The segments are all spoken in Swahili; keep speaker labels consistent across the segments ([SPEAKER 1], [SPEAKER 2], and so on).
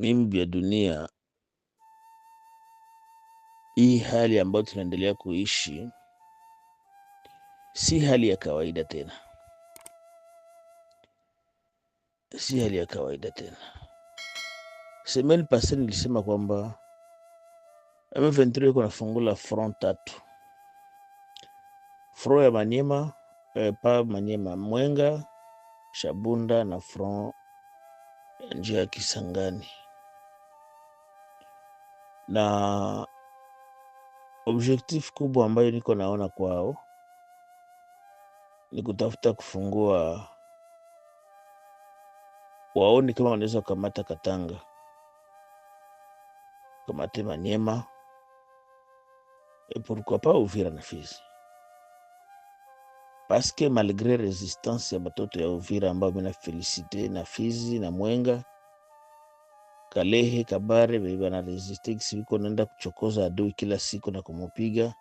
[SPEAKER 1] Mimi vya dunia hii, hali ambayo tunaendelea kuishi si hali ya kawaida tena, si hali ya kawaida tena. Semeni pase nilisema kwamba M23 iko la front tatu, front ya Manyema eh, pa Manyema, Mwenga, Shabunda na front njia ya Kisangani na objektif kubwa ambayo niko naona kwao ni kutafuta kufungua, waoni kama wanaweza kamata Katanga, kamate Manyema, pourquoi pas Uvira na Fizi, paske malgre resistance ya batoto ya Uvira ambayo mina felicite na Fizi na Mwenga Kalehe Kabare bei resistance siko naenda kuchokoza adui kila siku na kumupiga.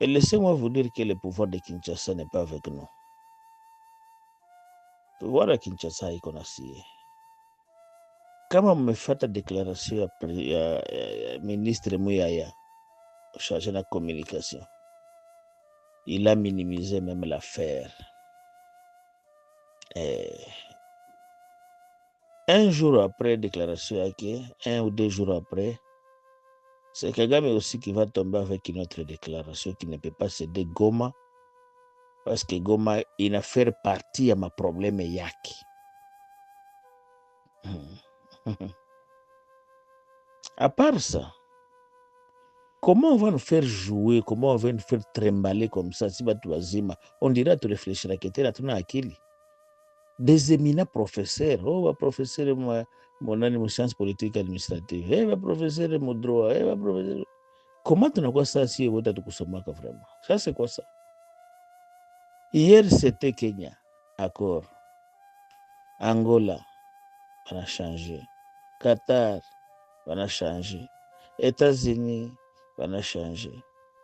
[SPEAKER 1] Mais laissez-moi vous dire que le pouvoir de Kinshasa n'est pas avec nous. Pouvoir de Kinshasa iko na sie. Kama mmefuata declaration ya, ya, ya, ya ministre Muyaya chargé la communication, il a minimisé même l'affaire eh. un jour après déclaration un ou deux jours après, c'est Kagame aussi qui va tomber avec une autre déclaration qui ne peut pas céder Goma, parce que Goma, il a fait partie à ma problème Yaki. Hmm. À part ça, comment on va nous faire jouer, comment on va nous faire trembler comme ça, si on dira, tu réfléchiras, à tu es là, déséminer professeurs. Oh, va professeur ma, mon animo sciences politiques administratives. Eh, va professeur mon droit. Eh, va professeur. Comment tunakuwa saa si wote tukusomaka vraiment? Sasa kwa saa hier c'était Kenya accord, Angola wanashange, Qatar wanashange, états unis wanashange,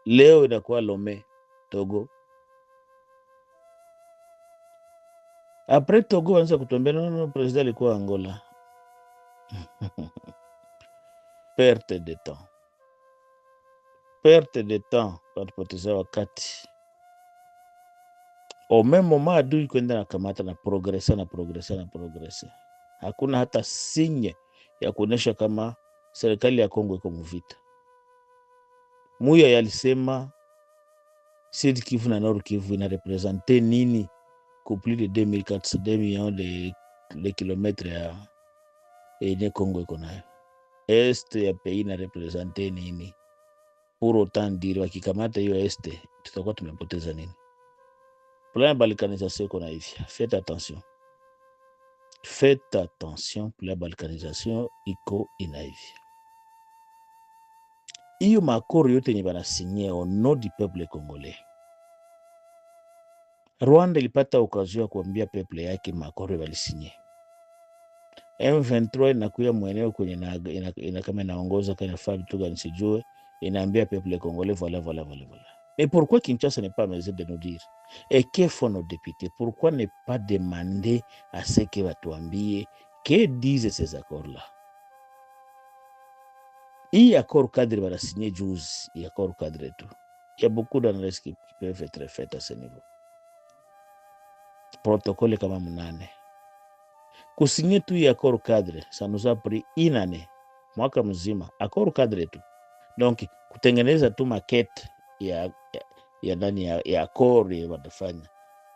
[SPEAKER 1] leo qual lomé Togo apres Togo wanza kutuambia nono, president alikuwa Angola. perte de temps, perte de temps, watupoteza wakati. Au meme moment adui kwenda na kamata na progresa na progresa na progresa, hakuna hata sinye ya kuonesha kama serikali ya Kongo iko muvita. Muya yalisema Sud Kivu na Nord Kivu inarepresente nini? plus de 2400, 2 millions de, kilomètres euh, de est yenye pays iko nayo. ni ya pei inarepresente nini? tout à wakikamata tu est tutakuwa ça nini? Plan la balkanisation qu'on a ici faites attention, faites attention. pour la balkanisation iko y a un accord qui a signé au nom du peuple congolais Rwanda ilipata okazio ya kuambia peple yake makore walisinye M23 inakuya mweneo kwenye ina, ina kama inaongoza kwenye nafaa tuga nisijue, inaambia peple kongole vola vola vola vola. Mais e, pourquoi Kinshasa n'est pas mesure de nous dire et que font nos députés? Pourquoi ne pas demander à ce que watuambie que disent ces accords là? Hii accord cadre wala sinye juzi, hii accord cadre tu. Il y a beaucoup d'analyses qui peuvent être faites à ce niveau protocole kama mnane kusinye tu ya accord cadre, ça nous a pris une année mwaka mzima accord cadre tu, donc kutengeneza tu makete ya ya, ya ndani ya, ya accord watafanya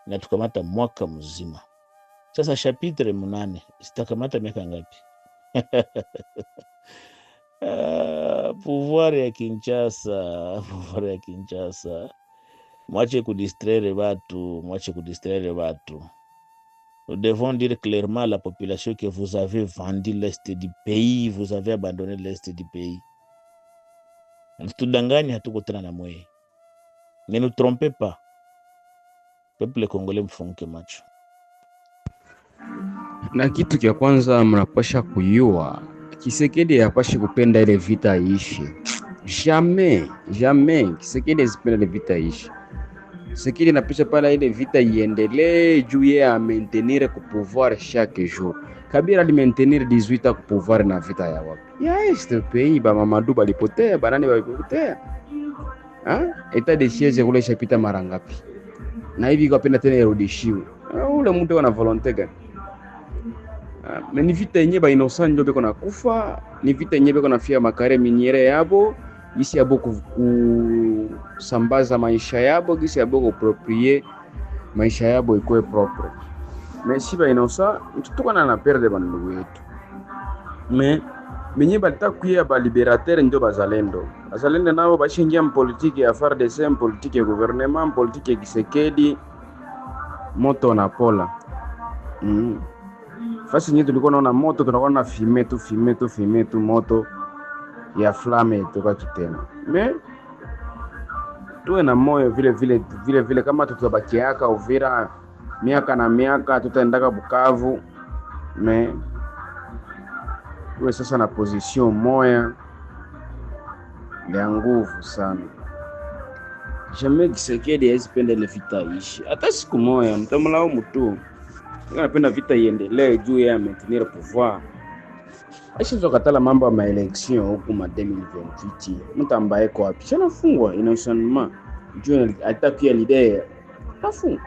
[SPEAKER 1] na tukamata mwaka mzima. Sasa chapitre mnane sitakamata miaka ngapi? Ah, pouvoir ya Kinshasa, pouvoir ya Kinshasa mwache kudistraire batu, mwache kudistraire batu. Nous devons dire clairement à la population que vous avez vendu l'est du pays, vous avez abandonné l'est du pays. Msitudanganye, hatukutana na mweye. Ne nous trompez pas. Peuple congolais, mfunguke macho.
[SPEAKER 2] Na kitu cha kwanza mnapasha kuyua, Kisekedi hapashi kupenda ile vita iishe. Jamais, jamais Kisekedi azipenda vita ishi. Kisekedi napisha pala ile vita iendelee juu yeye amentenir ku pouvoir chaque jour. Kabila alimentenir 18 ans ku pouvoir na vita ya wapi? Ya este pays ba Mamadou balipotea, banani balipotea. Ah, eta de siège kule shapita mara ngapi? Na hivi kwa penda tena irudishiwe. Ah, ule mtu ana volonté gani? Ah, ni vita yenyewe ba innocent ndio beko nakufa, ni vita yenyewe beko nafia makare miniere yabo gisi yabo kusambaza maisha yabo, gisi yabo kuproprie maisha yabo ikuwe propre. Me si bainosa tutukana na perde bandugu yetu me benye balita kuya ndio bazalendo. Bazalendo nabo bashingia mpolitiki ya FARDC, mpolitiki ya guvernema, mpolitiki ya Kisekedi, moto na pola mm. Fasi nye tulikuwa naona moto, tunakuwa na fime tu fime tu fime tu moto ya flame itokacho tena me tuwe na moyo vile vile vile vile, kama tutabakiaka Uvira miaka na miaka, tutaendaka Bukavu me tuwe sasa na position moya ya nguvu sana. jamai Kisekedi haizipenda ile vita ishi hata siku moya, mtamlao mtu anapenda vita iendelee juu ya maintenir pouvoir ashizokatala mambo ya maelection huku ma 2028 mtu ambaye ko wapi shanafungwa inationnement juu alitakia lidee nafungwa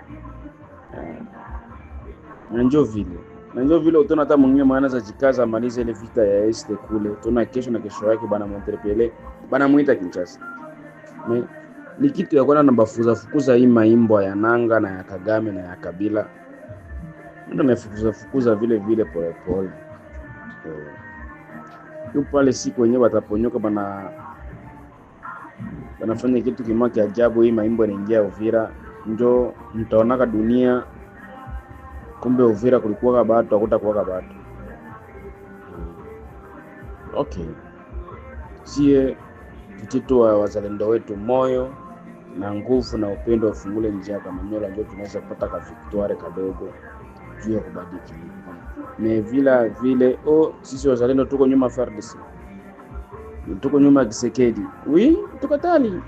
[SPEAKER 2] nanjo vile nanjo vile utona hata mwingine maana za jikaza amalize ile vita ya este kule utona kesho na kesho yake bana mwanterpele bana mwita Kinshasa Me, ni kitu ya kwana nabafuza fukuza hii maimbo ya nanga na ya Kagame na ya Kabila ndo nafukuza fukuza vile vile pole pole. So, tu pale siku wenyewe wataponyoka bana wanafanya kitu kimoja kia ajabu. Hii maimbo inaingia Uvira, njo mtaonaka dunia. Kumbe Uvira kulikuwaka batu akutakuwaka batu. Okay, sie tutito wa wazalendo wetu moyo na nguvu na upendo, ufungule njia kama nyola, ndio tunaweza kupata ka victoire kadogo juu ya kubadilika me vila vile oh, sisi wazalendo tuko nyuma FARDC, tuko nyuma Kisekedi. Wi tukatali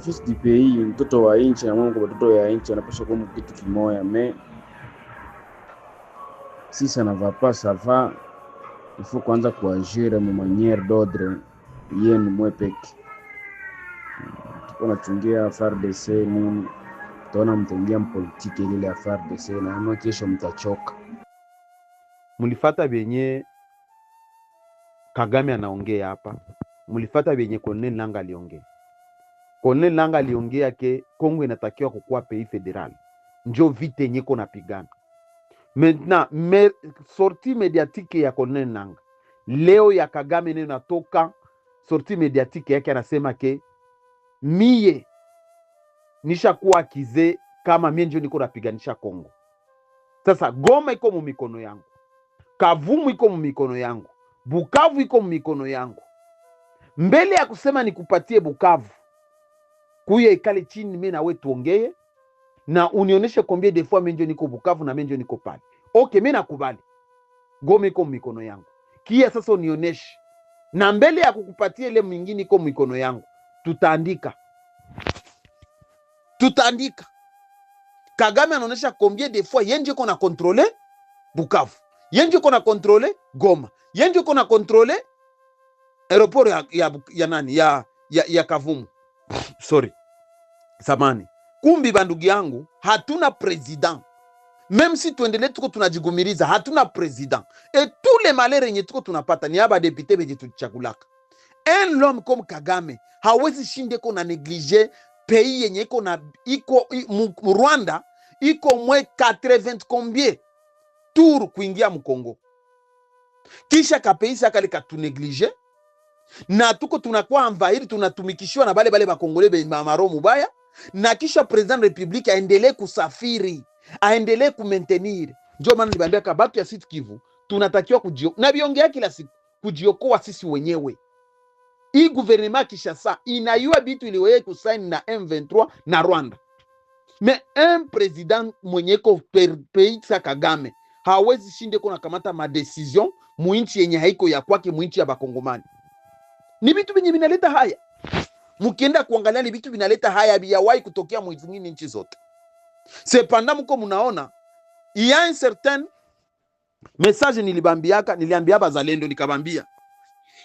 [SPEAKER 2] fils du pays, mtoto wa nchi na Mungu, watoto ya nchi anapaswa kuwa kitu kimoya. Me sisi va pas va il faut kwanza kuagir mu maniere d'ordre yenu mwepeki. Tuko nachungia FARDC nini, tutaona mtaingia mpolitiki lile ya FARDC na kesho mtachoka mulifata vyenye Kagame anaongea hapa, mulifata vyenye Corneille Nangaa aliongea. Corneille Nangaa aliongea ke Kongo inatakiwa kukuwa pays federal, njo vite yenye ko napigana maintenant. Me, sorti mediatike ya Corneille Nangaa leo ya Kagame neno natoka sorti mediatike yake, anasema ke miye nishakuwa kize kama mie njo niko napiganisha Kongo, sasa Goma iko mu mikono yangu Kavumu iko mu mikono yangu, Bukavu iko mu mikono yangu. Mbele ya kusema nikupatie Bukavu, kuya ikale chini, mimi na wewe tuongee na unionyeshe kombie defua, mimi ndio niko Bukavu na mimi niko pale. Okay, mimi nakubali, Goma iko mikono yangu. Kia sasa unionyeshe, na mbele ya kukupatia ile mwingine iko mikono yangu, tutaandika tutaandika. Kagame anaonyesha kombie fois yenje iko na kontrole Bukavu yenjo iko na controle Goma, yenjo iko na aeroport ya, ya, ya nani ya, ya, ya Kavumu sorry samani. Kumbi bandugi yangu, hatuna president meme si tuendelee tuko tunajigumiriza, hatuna president et tous les malheurs yenye tuko tunapata ni aba député beje tuchakulaka. Un l'homme comme Kagame hawezi shinde ko na neglige pays yenye iko na iko Rwanda iko mwe 80 combien tour kuingia Mkongo, kisha kapeisa kale katuneglige na tuko tunakuwa envahir, tunatumikishiwa na balebale bakongole bemamaro mubaya, na kisha president de republike aendelee kusafiri aendelee kumaintenir. Ndio maana nibambiaka batu ya Sud Kivu tunatakiwa kujio na biongea kila siku kujiokoa sisi wenyewe. Hii guvernema Kinshasa inayua bitu iliweye kusaini na M23 na Rwanda, me un president mwenyeko per peisa Kagame hawezi shinde ko nakamata madecision muinchi yenye haiko ya kwake, muinchi ya bakongomani. Ni vitu vyenye vinaleta haya, mukienda kuangalia, ni vitu vinaleta haya, biyawahi kutokea mwizingine nchi zote. Sepanda mko munaona iya certain message nilibambiaka, niliambia bazalendo, nikabambia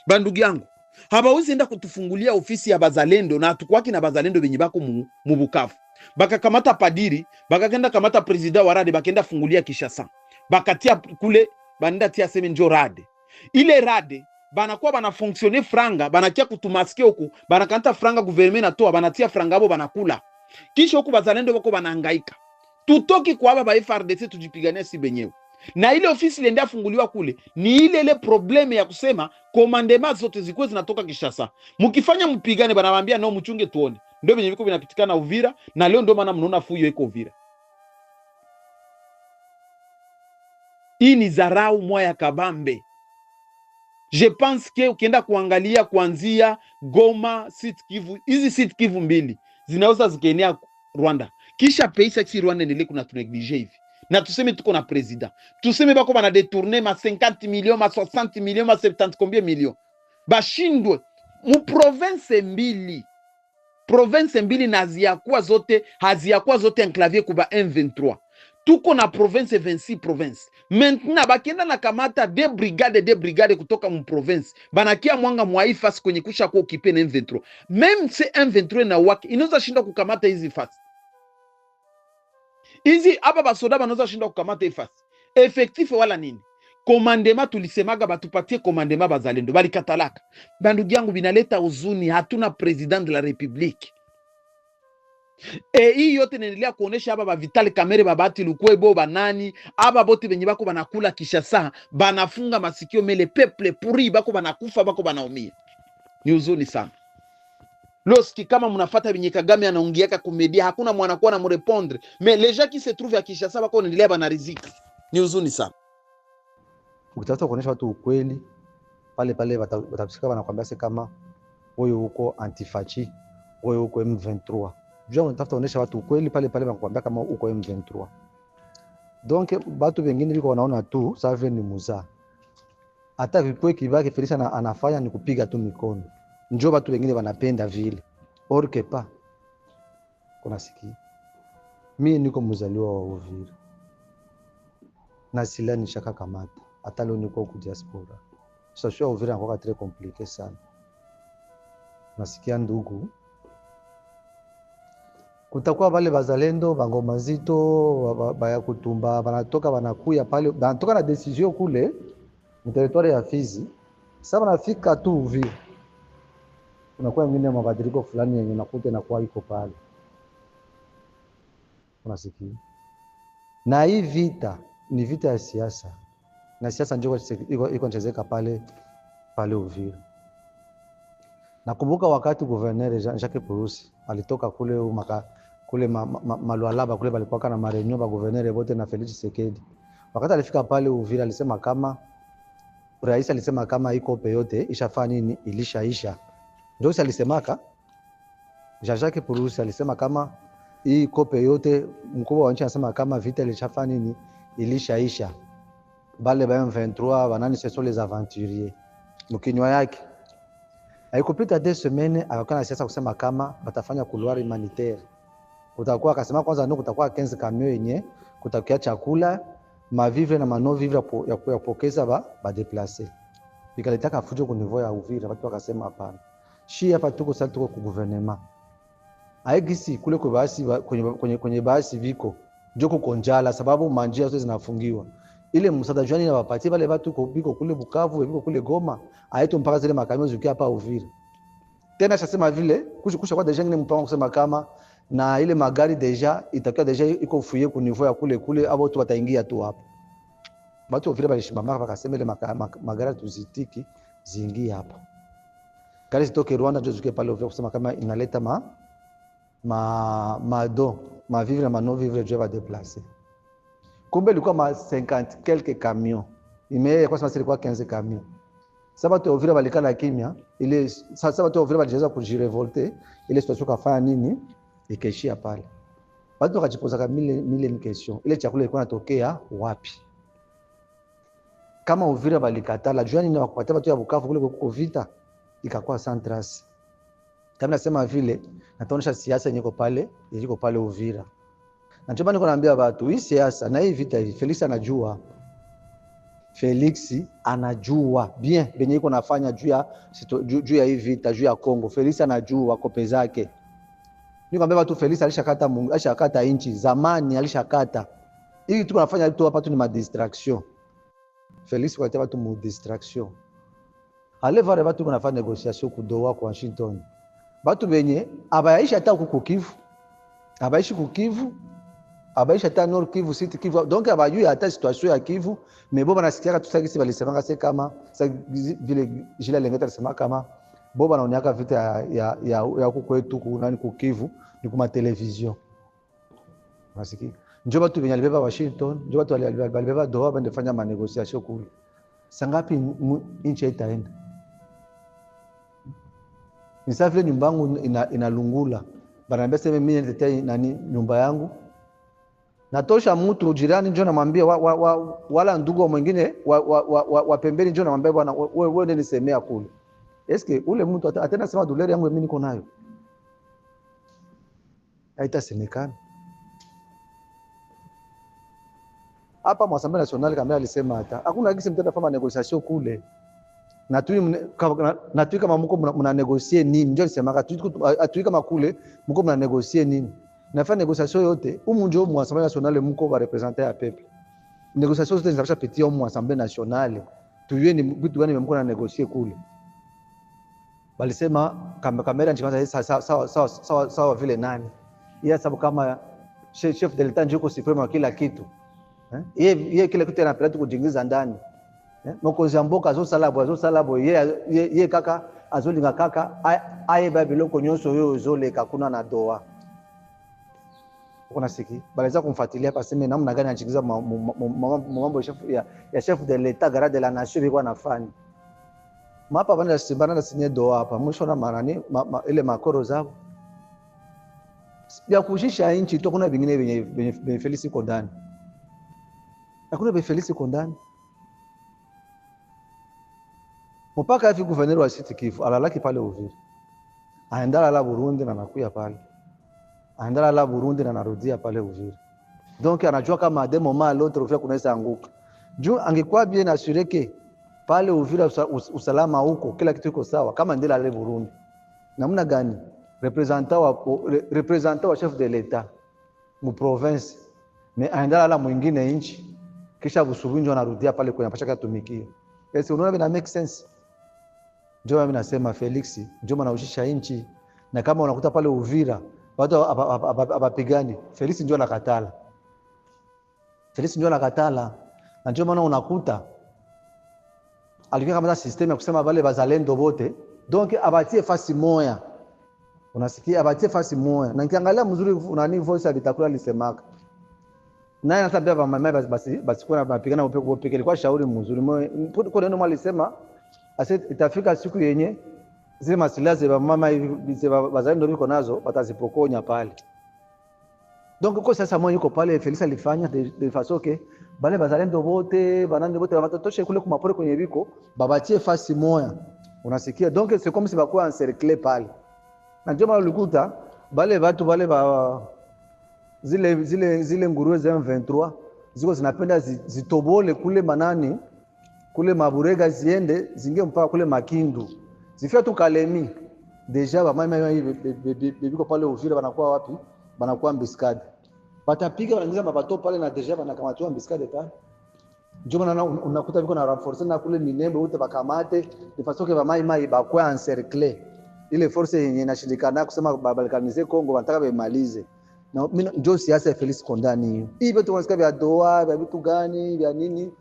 [SPEAKER 2] bandugu yangu habawezi enda kutufungulia ofisi ya bazalendo na atukwaki na bazalendo benye bako mu, mu Bukavu bakakamata padiri bakakenda kamata presida warade bakenda fungulia Kishasa bakatia kule banda tia seme njo rade ile rade banakuwa banafonksione franga banakia kutumaske huku banakanta franga guverneme natoa banatia franga abo banakula kisha huku bazalendo bako banaangaika tutoki kwaba ba FRDC tujipigania si benyewe na ile ofisi ile afunguliwa kule ni ile ile probleme ya kusema komandema zote zikuwe zinatoka Kishasa. Mkifanya mpigane, banawambia nao, mchunge tuone. Ndio venye viko vinapitikana Uvira, na leo ndio maana mnaona fuyo iko Uvira. ini zarau mwa ya kabambe. Je pense ke ukienda kuangalia kuanzia Goma, Sud Kivu, hizi Sud Kivu mbili zinaweza zikaenea Rwanda, kisha peisa si Rwanda endelee kuna tuneglige hivi na tuseme tuko na president, tuseme bako bana detourner ma 50 million ma 60 million ma 70 combien million bashindwe mu province mbili province mbili na haziyakuwa zote haziyakuwa zote enclavier kuba M23 tuko na province 26 province maintenant bakienda na kamata de brigade de brigade kutoka mu province banakia mwanga mwaifasi kwenye kusha kwa okipe na M23 meme se M23 na waki inoza shinda kukamata hizi fasi hizi hapa basoda banaweza shinda kukamata hizi fasi efektife wala nini komandema tulisemaga batupatie komandema bazalendo balikatalaka bandugi yangu binaleta uzuni hatuna president de la republique E, hii yote inaendelea kuonesha aba bavitali kamere babati lukwe bo banani aba bote benye bako banakula Kinshasa banafunga masikio mele peple puri bako banakufa bako banaumia. Ni huzuni sana. Lorsque kama mnafata benye Kagame anaongeaka kumedia hakuna mwanakuwa na mrepondre mais les gens qui se trouvent à Kinshasa bako wanaendelea banarizika. Ni huzuni sana. Ukitaka kuonesha watu ukweli pale pale watabisika banakwambia se kama wewe uko antifachi, wewe uko M23 jua unatafuta onyesha watu ukweli pale pale, nakwambia kama uko M23. Donc batu vengine liko wanaona tu save ni muza, hata vipwe kibaki Felisa anafanya ni kupiga tu mikono, njoo batu vengine wanapenda vile orke pa kuna siki. Mimi niko mzaliwa wa Uvira na sila ni shaka kamata, hata leo niko huko diaspora. Sasa so, Uvira ni kwa très compliqué sana, nasikia ndugu kutakuwa vale bazalendo bangoma nzito baya kutumba banatoka banakuya pale banatoka na decision kule mu territoire ya Fizi. Sasa banafika tu Uvira, unakuwa mwingine mabadiliko fulani yenye nakuta nakuwa iko pale, unasikia. Na hii vita ni vita ya siasa, na siasa ndio iko nchezeka pale pale Uvira. Nakumbuka wakati Gouverneur Jean Jacques Purusi alitoka kule umaka kule ma, ma, Malwalaba kule palikuwa na Marenio ba guvernere bote na Felix Tshisekedi. Wakati alifika pale Uvira alisema kama rais alisema kama iko yote ishafa nini ilishaisha. Ndio alisemaka Jean-Jacques Purusi alisema kama hii kope yote mkubwa wa nchi anasema kama vita ilishafa nini ilishaisha. Bale ba M23 banani ce sont les aventuriers. Mkinywa yake haikupita des semaines akakana siasa kusema kama batafanya couloir humanitaire utakuwa akasema kwanza, ndio kutakuwa kenzi kamio yenye kutakia chakula mavivre na mano vivre ya kupokeza ba ba deplace ikaleta kafujo ku niveau ya Uvira. Watu wakasema hapana, shi hapa tuko sasa, tuko ku gouvernement aegisi kule kwa basi kwenye, kwenye, kwenye basi viko kuko njala, sababu manjia zote zinafungiwa ile msada jwani na wapatie wale watu ko biko kule Bukavu biko kule Goma aito mpaka zile makamio zikia hapa Uvira tena shasema vile kushukusha kwa deja ngine mpango kusema kama na ile magari deja itakuwa deja iko fuye ku niveau ya kule kule, abo tu wataingia tu hapo. Batu vile balishimama bakasema ile magari tuzitiki zingie hapo, gari zitoke Rwanda zizuke pale Uvira, kusema kama inaleta ma ma mado ma vivre na mano vivre je va déplacer. Kumbe ilikuwa ma 50 quelques camions, imeye kwa sababu ilikuwa 15 camions sabato ovira balikala kimya ile sabato ovira balijeza kujirevolte ile situation kafanya nini Nikaishia pale. Watu wakajipoza million question. Ile chakula ilikuwa inatokea wapi? Kama Uvira balikatala, jua nini wakupatia watu ya Bukavu kule kuko vita ikakuwa Santras. Kama nasema vile, nataonesha siasa yenyewe pale, yenyewe pale Uvira. Na ndio maana naambia watu, hii siasa na hii vita hii, Felix anajua. Felix anajua bien benye iko nafanya juu ya juu ya hii vita juu ya Kongo. Felix anajua kope zake. Nikwambia watu Felix alishakata Mungu, alishakata inchi zamani alishakata. Hii tuko nafanya tu hapa tu ni madistraction. Felix kwa watu mu distraction. Aleva wale watu kunafanya negotiation kudoa kwa Washington. Watu benye abayaishi hata huko Kivu. Abayaishi ku Kivu. Abayaishi hata North Kivu, City Kivu. Donc abayui hata situation ya Kivu, mebo bon banasikia tu sasa kisi balisemanga kama sasa vile jila lengeta sema kama bo banaoniaka vita ya, ya, ya, ya kukwetu kwetu kunani kukivu ni kuma televizion nasiki njo batu venye alibeba Washington njo batu alibeba doa bende fanya manegosiation kule sangapi nchi itaenda nisafile nyumba yangu inalungula ina bananiambia seme mimi nitetea nani nyumba yangu natosha mtu jirani njo namwambia wa, wa, wa, wala ndugu mwingine wa, wa, wa, wa, wa pembeni njo namwambia bwana wewe wewe nisemea kule eske ule mtu atenda sema doleri yangu mimi niko nayo, haitasemekana hapa. Mwasambia nasionali kama alisema hata hakuna gisi mtenda fama negosiasio kule natui kama muko muna negosie nini, ndio nisemaka atui kama kule muko muna negosie nini, nafa negosiasio yote umu njo mu assemblée nationale muko ba representer ya peuple. Negosiasio zote zinapasha pitia mu assemblée nationale, tuyue ni vitu gani mko na negosie kule balisema kamera nchikaza sawa sawa sawa sawa sawa vile nani yeye, sababu kama chef de l'etat ndio supreme wa kila kitu eh, yeye kila kitu anapenda kujiingiza ndani eh, mokozi amboka zo salabo zo salabo yeye yeye kaka azolinga kaka aye ba biloko nyonso oyo ezoleka kuna na doa kuna siki baliza kumfuatilia basi, mimi namna gani anachingiza mambo ya chef de l'etat garde de la nation biko anafanya mapa vanila simbana na sinye doa hapa mwisho na marani ma, ma, ile makoro zao ya kushisha inchi tu, kuna vingine vyenye vyenye felisi iko ndani, hakuna vyenye felisi iko ndani mpaka hivi guverner wa siti kifu alalaki pale Uvira, aendala la Burundi na nakuya pale, aendala la Burundi na narudia pale Uvira. Donc anajua kama demo ma l'autre fois kunaweza anguka juu angekuwa bien assuré que pale Uvira usalama huko kila kitu iko sawa, kama ndile ale Burundi namna gani? representant wa representant wa chef de l'etat mu province ne aenda la mwingine nchi, kisha busubunjwa narudia pale kwenye pashaka tumikia. Yes, unaona vina make sense. Ndio mimi nasema Felix, ndio maana ushisha nchi, na kama unakuta pale Uvira watu abapigani, Felix ndio anakatala, Felix ndio anakatala, na ndio maana unakuta alifika kama system ya kusema wale wazalendo wote, donc abatie fasi moya, unasikia, abatie fasi moya. Na nikiangalia mzuri unani voice ya Bitakula naye anatambia ba mama basi basi, kuna mapigana upepo upepo, ilikuwa shauri mzuri moyo kwa neno mwalisema ase itafika siku yenye zile masilaha za mama hivi za wazalendo biko nazo watazipokonya pale. Donc kwa sasa moyo yuko pale Felisa alifanya de fasoke bale bazalendo bote banani bote batatoshe kule kumapori kwenye biko babatie fasi moya. Unasikia? Donc c'est comme si bakuwa encerclé pale. Na ndio maana ulikuta bale watu bale ba zile zile zile nguruwe za 23 ziko zinapenda zitobole kule manani kule maburega ziende zingie mpaka kule makindu zifia tu Kalemi deja bamama bebiko pale Uvira banakuwa wapi banakuwa mbiskade, batapiga wanaingiza mabato pale na deja banakamatiwa mbiskade pale ndio mana unakuta viko na renforce na kule minembe ute bakamate ifasoke ba mai mai ba kwa encercle ile force yenye inashindikana kusema babalikanize Kongo wanataka bemalize. Na mimi ndio siasa ya Felix Kondani hiyo. Hii vitu wanasikia vya doa vya vitu gani vya nini,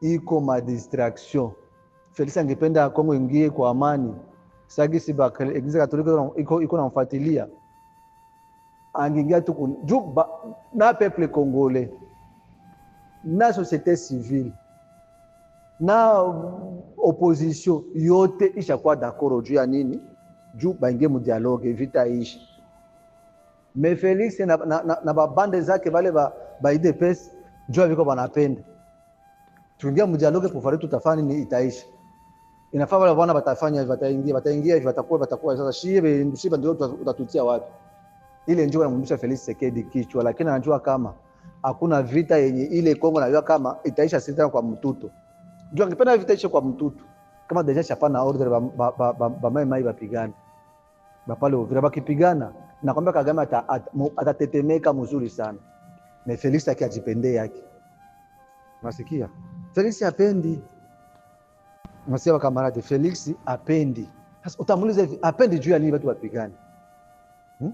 [SPEAKER 2] iko ma distraction. Felix angependa Kongo ingie kwa amani. Sasa gisi ba Eglise Katolika iko iko namfuatilia angingi atukuni ju ba, na peuple congolais na société civile na mm, opposition yote ishakuwa d'accord juu ya nini, juu baingie mu dialogue vita ishi. Me Felix na, na, na, na bande zake bale ba, ba UDPS juu viko banapenda tuingia mu dialogue pofari tutafanya nini, itaishi inafaa wale bwana batafanya, bataingia bataingia, batakuwa batakuwa sasa, shibe ndio utatutia wapi? ile njoo inamrudisha Felix Tshisekedi kichwa, lakini anajua kama hakuna vita yenye ile Kongo, najua kama itaisha sita kwa mtuto. Njoo angependa vita ishe kwa mtuto, kama deja chapana order ba ba ba, ba, ba mai mai bapigana ba pale Uvira bakipigana, nakwambia Kagame atatetemeka at, mzuri sana na Felix akiajipende yake, Unasikia? Felix apendi Masiwa kamarade, Felix apendi. Sasa utamuuliza hivi, apendi juu ya nini watu wapigane? Hmm?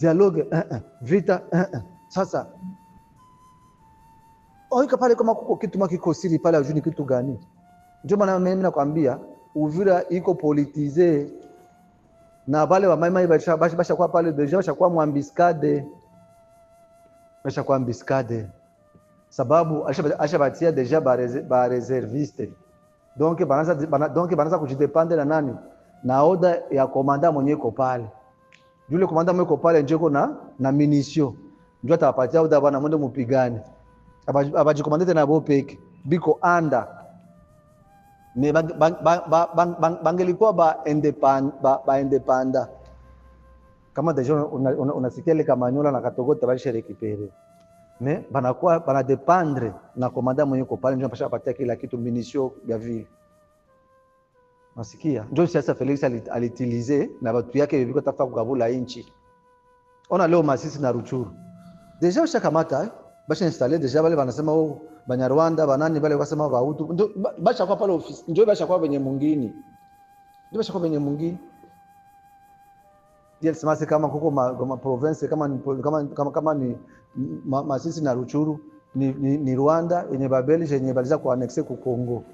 [SPEAKER 2] dialogue uh -uh. vita uh-uh. Sasa oika pale kama kuko kitu makikosiri pale, ni kitu gani? Ndio maana mimi nakwambia Uvira iko politize na bale wa maimai basha basha kwa pale deja basha kwa mwambiskade basha kwa mbiskade, sababu batia deja ba reserviste donc banaza donc banaza kujidepende na nani na oda ya komanda mwenye pale yule komanda mweko pale njeko na na minisio. Njoo atawapatia uda bana mwende mupigane. Abajikomanda tena bo peke. Biko anda. Ne bangelikuwa ba independent ba, ba independent. Kama deja unasikia ile Kamanyola na Katogota basheriki pere. Ne banakuwa banadependre na komanda mwenye kopale njoo apatia kila kitu minisio ya vile. Nasikia ndio siasa Felix alitilize na batu yake viviko tafa kugabula inchi. Ona leo Masisi na Ruchuru deja usha ushakamata eh? basha installe deja bale banasema oh Banyarwanda banani wale wasema bautu basha kwa pale ofisi ndio basha kwa wenye mungini ndio basha kwa wenye mungini ndiye simasi kama kuko ma, ma province kama ni, kama kama, kama ni ma, Masisi na Ruchuru ni, ni, ni Rwanda yenye babeli yenye baliza kuanexe ku Kongo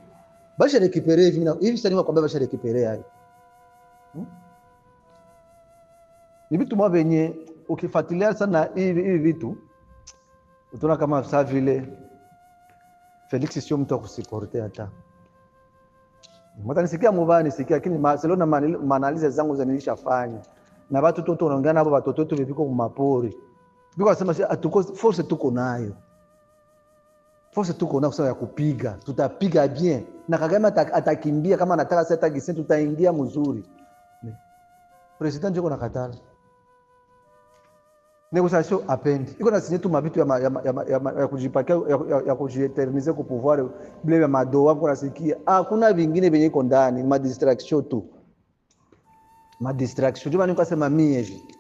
[SPEAKER 2] basha ya e Kipere hivi na hivi sasa nimekwambia Basher ya e Kipere hayo. Hmm? Ni vitu mwa ukifuatilia sana hivi hivi vitu utaona kama sasa vile Felix sio mtu wa hata. Mata nisikia mubani nisikia lakini Barcelona maanaliza zangu za nilishafanya. Na watu toto unaongea nabo watoto wetu vipiko mapori. Biko wasema atuko force tuko nayo force tuko na kusema ya kupiga, tutapiga bien na Kagame atakimbia kama anataka sasa, gisi tutaingia mzuri. President ndio nakatala negotiation apendi iko na sinye tu mabitu ya, ma, ya, ya, ya, ya kujipakia ya, ya, ya kujieternize ku pouvoir bile ya madoa kuna sikia hakuna vingine vyenye iko ndani ma distraction tu ma distraction. Jumani nikasema mie hivi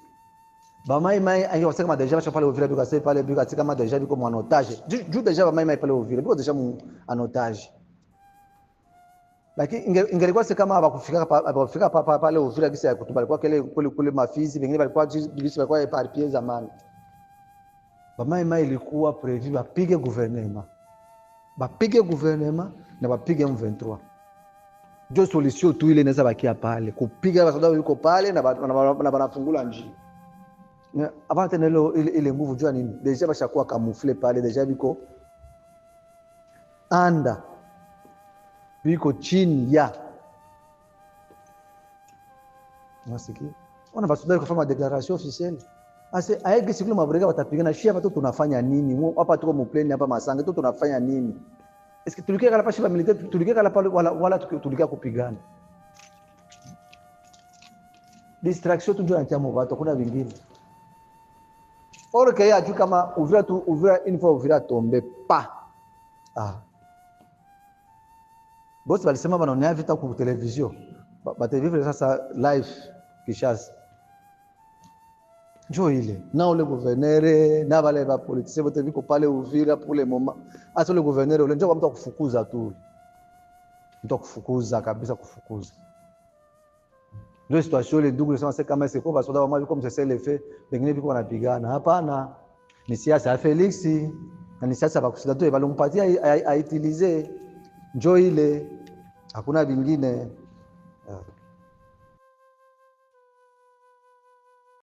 [SPEAKER 2] bamaimai ange baseka madeja basha pale Uvira biko pale biko atika madeja biko mwana otage juu deja bamaimai pale Uvira biko deja mu anotage lakini ingelikuwa si kama abakufika abakufika papa pale Uvira kisa yakutubali kwa kile kule kule mafizi vingine balikuwa bilisi balikuwa parpie zamani bamaimai ilikuwa prevu bapige gouvernement bapige gouvernement na bapige M23 ndio solution tu ile inaweza bakia pale kupiga wasoda yuko pale na banafungula njia avant tena ile nguvu, jua nini, deja bashakuwa kamufle pale, deja biko anda, biko chini ya nasiki ona basuda kwa kufanya declaration officielle ase aege sikule mabrega watapigana shi hapa tu tunafanya nini hapa tuko mupleni hapa masanga tu tunafanya nini eske tulikia kala pashi militaire tulikia kala pale wala wala tulikia kupigana distraction tu ndio anatia mbato kuna vingine Paul ke ajui kama Uvira tu Uvira info Uvira tombe pa. Ah. Bosi walisema wanaonea vita kwa televizio. Batevivre sasa live Kishasa. Njoo ile na ule guvernere na wale wa politisi wote viko pale Uvira pule moma. Hata ule guvernere ule njoo kwa mtu akufukuza tu. Mtu akufukuza kabisa kufukuza. Ndio situation ile ndugu nasema kama sasa kwa sababu mama yuko mseselefe, pengine yuko anapigana. Hapana. Ni siasa ya Felix na ni siasa ya kusida tu balimpatia aitilize, njoo ile hakuna vingine. Eh.